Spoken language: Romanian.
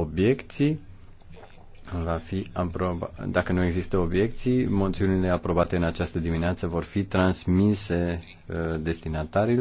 obiecții, va fi aproba... dacă nu există obiecții, moțiunile aprobate în această dimineață vor fi transmise uh, destinatarilor.